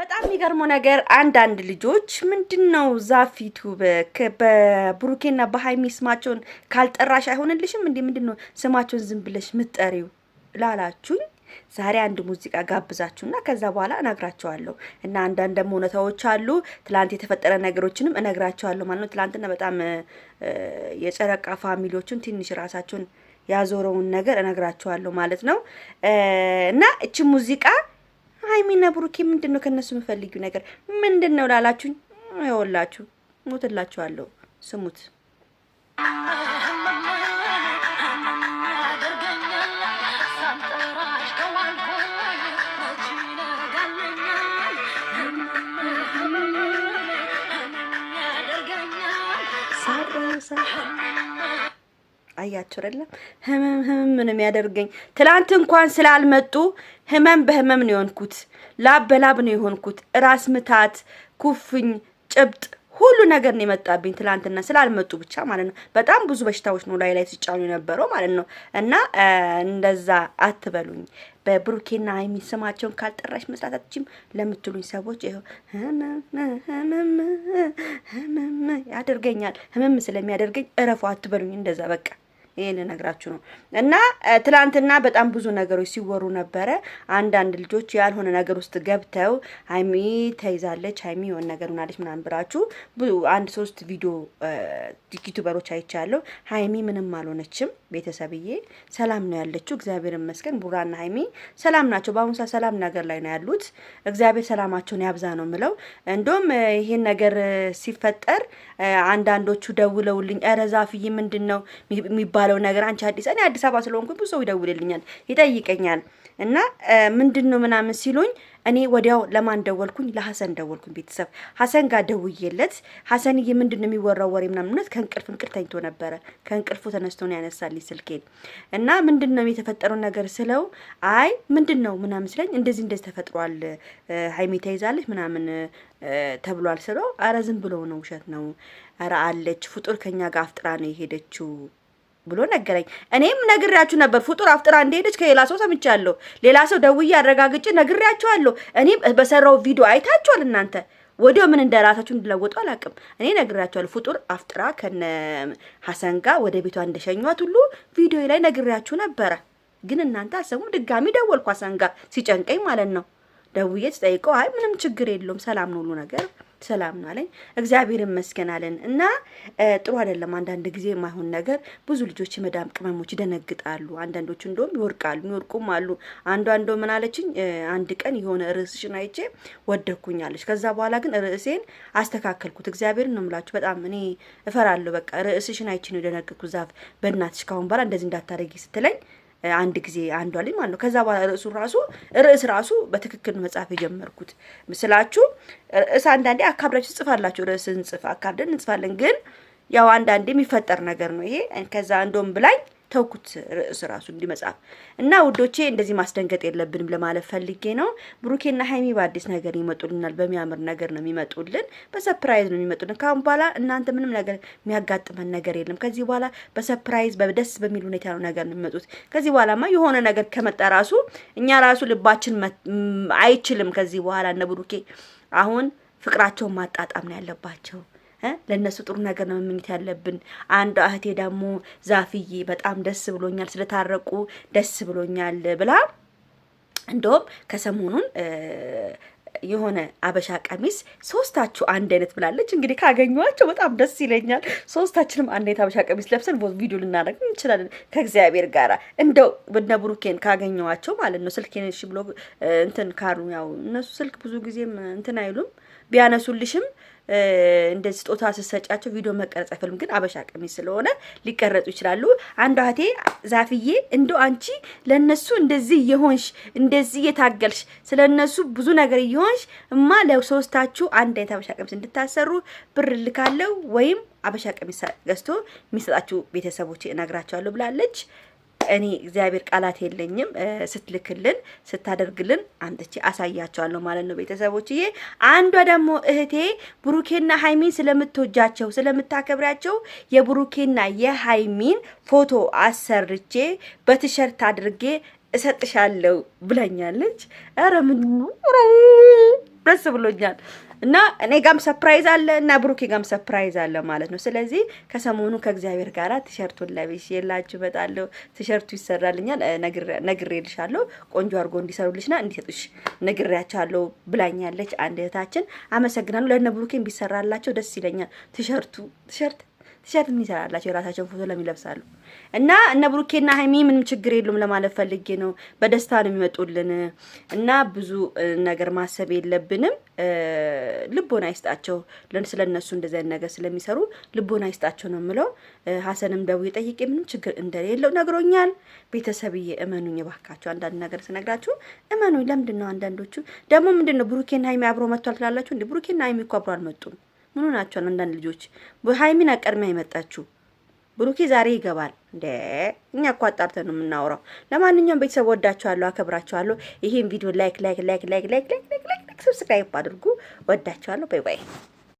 በጣም የሚገርመው ነገር አንዳንድ ልጆች ምንድን ነው ዛፊቱ በብሩኬና በሀይሚ ስማቸውን ካልጠራሽ አይሆንልሽም እንዴ? ምንድን ነው ስማቸውን ዝም ብለሽ ምጠሪው ላላችሁኝ ዛሬ አንድ ሙዚቃ ጋብዛችሁና ከዛ በኋላ እነግራቸዋለሁ እና አንዳንድ ደግሞ እውነታዎች አሉ። ትላንት የተፈጠረ ነገሮችንም እነግራቸዋለሁ ማለት ነው። ትላንትና በጣም የጨረቃ ፋሚሊዎችን ትንሽ ራሳቸውን ያዞረውን ነገር እነግራቸዋለሁ ማለት ነው እና እቺ ሙዚቃ ሀይሚና ብሩኬ ምንድን ነው ከእነሱ የምፈልጊው ነገር ምንድን ነው ላላችሁኝ፣ ይኸውላችሁ ሞትላችኋለሁ። ስሙት Sa አያቸው አይደለም ህመም ህመም ምንም ያደርገኝ። ትላንት እንኳን ስላልመጡ ህመም በህመም ነው የሆንኩት፣ ላብ በላብ ነው የሆንኩት። ራስ ምታት፣ ኩፍኝ፣ ጭብጥ ሁሉ ነገር ነው የመጣብኝ ትላንትና ስላልመጡ ብቻ ማለት ነው። በጣም ብዙ በሽታዎች ነው ላይ ላይ ሲጫኑ የነበረው ማለት ነው። እና እንደዛ አትበሉኝ። በብሩኬና ሀይሚ ስማቸውን ካልጠራሽ መስራት አትችም ለምትሉኝ ሰዎች ይኸው ህመም ያደርገኛል። ህመም ስለሚያደርገኝ እረፉ አትበሉኝ። እንደዛ በቃ ይሄን ነግራችሁ ነው። እና ትላንትና በጣም ብዙ ነገሮች ሲወሩ ነበረ። አንዳንድ ልጆች ያልሆነ ነገር ውስጥ ገብተው ሀይሚ ተይዛለች፣ ሀይሚ የሆነ ነገር ሆናለች ምናምን ብላችሁ አንድ ሶስት ቪዲዮ ዩቱበሮች አይቻለሁ። ሀይሚ ምንም አልሆነችም። ቤተሰብዬ ሰላም ነው ያለችው፣ እግዚአብሔር ይመስገን። ቡራና ሀይሚ ሰላም ናቸው። በአሁኑ ሰዓት ሰላም ነገር ላይ ነው ያሉት። እግዚአብሔር ሰላማቸውን ያብዛ ነው ምለው። እንዲሁም ይሄን ነገር ሲፈጠር አንዳንዶቹ ደውለውልኝ፣ ኧረ ዛፍዬ ምንድን ነው የሚባለው ነገር አንቺ አዲስ እኔ አዲስ አበባ ስለሆንኩ ብዙ ሰው ይደውልልኛል፣ ይጠይቀኛል እና ምንድን ነው ምናምን ሲሉኝ እኔ ወዲያው ለማን ደወልኩኝ? ለሀሰን ደወልኩኝ። ቤተሰብ ሀሰን ጋር ደውዬለት ሀሰንዬ ምንድን ነው የሚወራው ወሬ ምናምን ከእንቅልፍ እንቅልፍ ተኝቶ ነበረ። ከእንቅልፉ ተነስቶ ነው ያነሳልኝ ስልኬን እና ምንድን ነው የተፈጠረው ነገር ስለው አይ ምንድን ነው ምናምን ስለኝ እንደዚህ እንደዚህ ተፈጥሯል፣ ሀይሜ ተይዛለች ምናምን ተብሏል ስለው አረ ዝም ብሎ ነው ውሸት ነው፣ አረ አለች ፍጡር ከኛ ጋር አፍጥራ ነው የሄደችው ብሎ ነገረኝ። እኔም ነግሬያችሁ ነበር፣ ፍጡር አፍጥራ እንደሄደች ከሌላ ሰው ሰምቻለሁ። ሌላ ሰው ደውዬ አረጋግጬ ነግሬያችኋለሁ። እኔም በሰራው ቪዲዮ አይታችኋል እናንተ ወዲያው ምን እንደራሳችሁ እንድለወጡ አላውቅም። እኔ ነግሬያችኋለሁ። ፍጡር አፍጥራ ከነ ሀሰን ጋር ወደ ቤቷ እንደሸኟት ሁሉ ቪዲዮ ላይ ነግሬያችሁ ነበረ፣ ግን እናንተ አሰሙ። ድጋሚ ደወልኩ ሀሰን ጋር ሲጨንቀኝ ማለት ነው። ደውዬ ስጠይቀው አይ ምንም ችግር የለውም ሰላም ነው ሁሉ ነገር ሰላም ነው አለኝ። እግዚአብሔር ይመስገን አለን እና ጥሩ አይደለም አንዳንድ ጊዜ የማይሆን ነገር ብዙ ልጆች የመዳም ቅመሞች ይደነግጣሉ። አንዳንዶቹ እንደውም ይወርቃሉ፣ ይወርቁም አሉ። አንዱ አንዱ ምን አለችኝ፣ አንድ ቀን የሆነ ርዕስሽን አይቼ ወደኩኝ ከዛ በኋላ ግን ርዕሴን አስተካከልኩት። እግዚአብሔር ነው ምላችሁ። በጣም እኔ እፈራለሁ። በቃ ርዕስሽን አይቼ ነው የደነገጥኩት። ዛፍ በእናትሽ ካሁን በኋላ እንደዚህ እንዳታደረጊ ስትለኝ አንድ ጊዜ አንዷ ልጅ ማለት ነው። ከዛ በኋላ ርዕሱ ራሱ ርዕስ ራሱ በትክክል መጽሐፍ የጀመርኩት ምስላችሁ ርዕስ አንዳንዴ አካብዳችሁ ጽፋላችሁ። ርዕስ እንጽፍ አካብደን እንጽፋለን። ግን ያው አንዳንዴ የሚፈጠር ነገር ነው ይሄ። ከዛ እንደውም ብላኝ ተውኩት ርዕስ ራሱ እንዲመጻፍ እና ውዶቼ፣ እንደዚህ ማስደንገጥ የለብንም ለማለት ፈልጌ ነው። ብሩኬና ሀይሚ በአዲስ ነገር ይመጡልናል። በሚያምር ነገር ነው የሚመጡልን፣ በሰፕራይዝ ነው የሚመጡልን። ካሁን በኋላ እናንተ ምንም ነገር የሚያጋጥመን ነገር የለም። ከዚህ በኋላ በሰፕራይዝ በደስ በሚል ሁኔታ ነው ነገር ነው የሚመጡት። ከዚህ በኋላማ የሆነ ነገር ከመጣ ራሱ እኛ ራሱ ልባችን አይችልም። ከዚህ በኋላ እነ ብሩኬ አሁን ፍቅራቸውን ማጣጣም ነው ያለባቸው። ለእነሱ ጥሩ ነገር ነው መመኘት ያለብን። አንዱ እህቴ ደግሞ ዛፍዬ በጣም ደስ ብሎኛል ስለታረቁ ደስ ብሎኛል ብላ እንደውም ከሰሞኑን የሆነ አበሻ ቀሚስ ሶስታችሁ አንድ አይነት ብላለች። እንግዲህ ካገኘኋቸው በጣም ደስ ይለኛል። ሶስታችንም አንድ አይነት አበሻ ቀሚስ ለብሰን ቪዲዮ ልናደርግ እንችላለን። ከእግዚአብሔር ጋር እንደው በነ ብሩኬን ካገኘኋቸው ማለት ነው። ስልኬን እሺ ብሎ እንትን ካሉ ያው እነሱ ስልክ ብዙ ጊዜም እንትን አይሉም ቢያነሱልሽም እንደዚህ ስጦታ ስሰጫቸው ቪዲዮ መቀረጽ አይፈልም። ግን አበሻ ቀሚስ ስለሆነ ሊቀረጹ ይችላሉ። አንዷ እህቴ ዛፍዬ እንደው አንቺ ለነሱ እንደዚህ እየሆንሽ እንደዚህ እየታገልሽ ስለነሱ ብዙ ነገር እየሆንሽ እማ ለሶስታችሁ አንድ አይነት አበሻ ቀሚስ እንድታሰሩ ብር ልካለው ወይም አበሻ ቀሚስ ገዝቶ የሚሰጣችሁ ቤተሰቦች እነግራቸዋለሁ ብላለች። እኔ እግዚአብሔር ቃላት የለኝም። ስትልክልን ስታደርግልን አንጥቼ አሳያቸዋለሁ ማለት ነው ቤተሰቦችዬ። አንዷ ደግሞ እህቴ ብሩኬና ሀይሚን ስለምትወጃቸው ስለምታከብሪያቸው የብሩኬና የሀይሚን ፎቶ አሰርቼ በቲሸርት አድርጌ እሰጥሻለሁ ብለኛለች። ኧረ ምን ደስ ብሎኛል። እና እኔ ጋም ሰፕራይዝ አለ እና ብሩኬ ጋም ሰፕራይዝ አለ ማለት ነው። ስለዚህ ከሰሞኑ ከእግዚአብሔር ጋር ቲሸርቱን ለብሽ የላችሁ በጣለሁ። ቲሸርቱ ይሰራልኛል ነግሬልሻለሁ። ቆንጆ አድርጎ እንዲሰሩልሽና እንዲሰጡሽ ነግሬያቸዋለሁ ብላኛለች አንድ እህታችን። አመሰግናለሁ። ለነ ብሩኬ ቢሰራላቸው ደስ ይለኛል። ቲሸርቱ ቲሸርት ቲሸርት ምን ይሰራላቸው? የራሳቸውን ፎቶ ለምን ይለብሳሉ? እና እነ ብሩኬና ሀይሚ ምንም ችግር የሉም ለማለት ፈልጌ ነው። በደስታ ነው የሚመጡልን እና ብዙ ነገር ማሰብ የለብንም። ልቦና ይስጣቸው። ስለ እነሱ እንደዚያ ነገር ስለሚሰሩ ልቦና ይስጣቸው ነው የምለው። ሀሰንም ደውዬ ጠይቄ ምንም ችግር እንደሌለው ነግሮኛል። ቤተሰብዬ እመኑኝ እባካችሁ፣ አንዳንድ ነገር ስነግራችሁ እመኑኝ። ለምንድን ነው አንዳንዶቹ ደግሞ ምንድን ነው ብሩኬና ሀይሚ አብሮ መጥቷል ትላላችሁ? እንዲ ብሩኬና ሀይሚ እኮ አብሮ አልመጡም። ምኑ ናቸውን? አንዳንድ ልጆች ሀይሚን አቀድሚያ የመጣችሁ ብሩኬ ዛሬ ይገባል እንዴ? እኛ እኮ አጣርተን ነው የምናወራው። ለማንኛውም ቤተሰብ ወዳችኋለሁ፣ አከብራችኋለሁ። ይሄን ቪዲዮ ላይክ ላይክ ላይክ ላይክ ላይክ ላይክ ላይክ ላይክ ሰብስክራይብ አድርጉ። ወዳችኋለሁ። ባይ ባይ